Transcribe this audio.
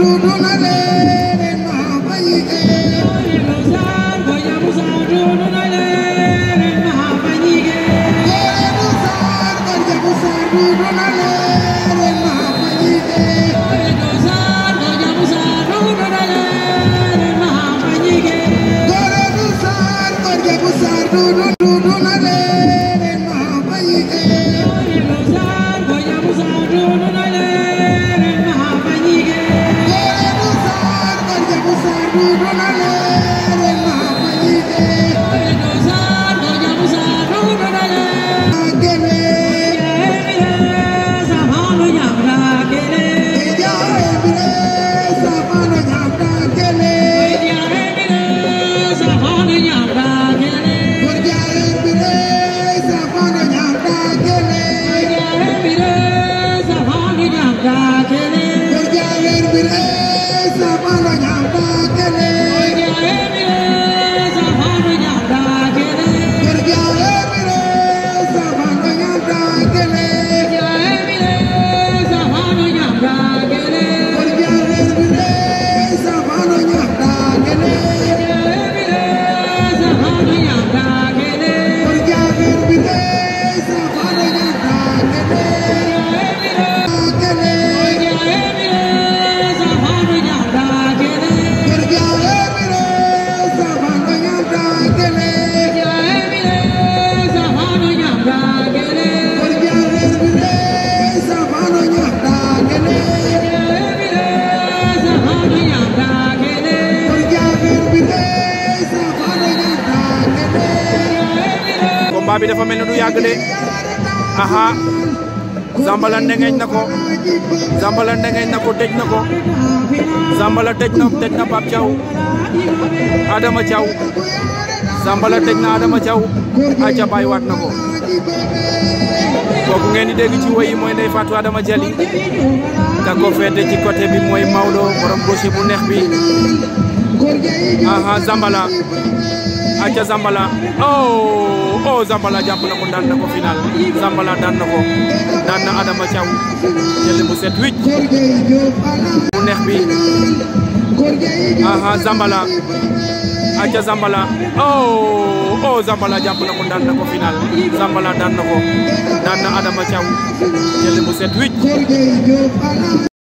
no, no. combat bi dafa mel ni du yàgg de aha Zambala na ko Zambala ndengeñ na ko tëj na ko Zambala tëj na tëj na Pape Adama Thiaw Zambala tëj na Adama Thiaw aca bàyyiwaat na ko kooku ngeen di dégg ci woy yi mooy Ndeye Fatou Adama Jali ka ko féete ci côté bi mooy Maodo borom gauche bu neex bi aha Zambala aca Zambala oh oh Zambala jàpp na ko daan na ko final Zambala daan na ko daan na Adama Thiaw jël bu set wicc neex bi aha Zambala aca Zambala oh oh Zambala jàpp na ko daan na ko final Zambala daan na ko daan na Adama Thiaw jël bu set wicc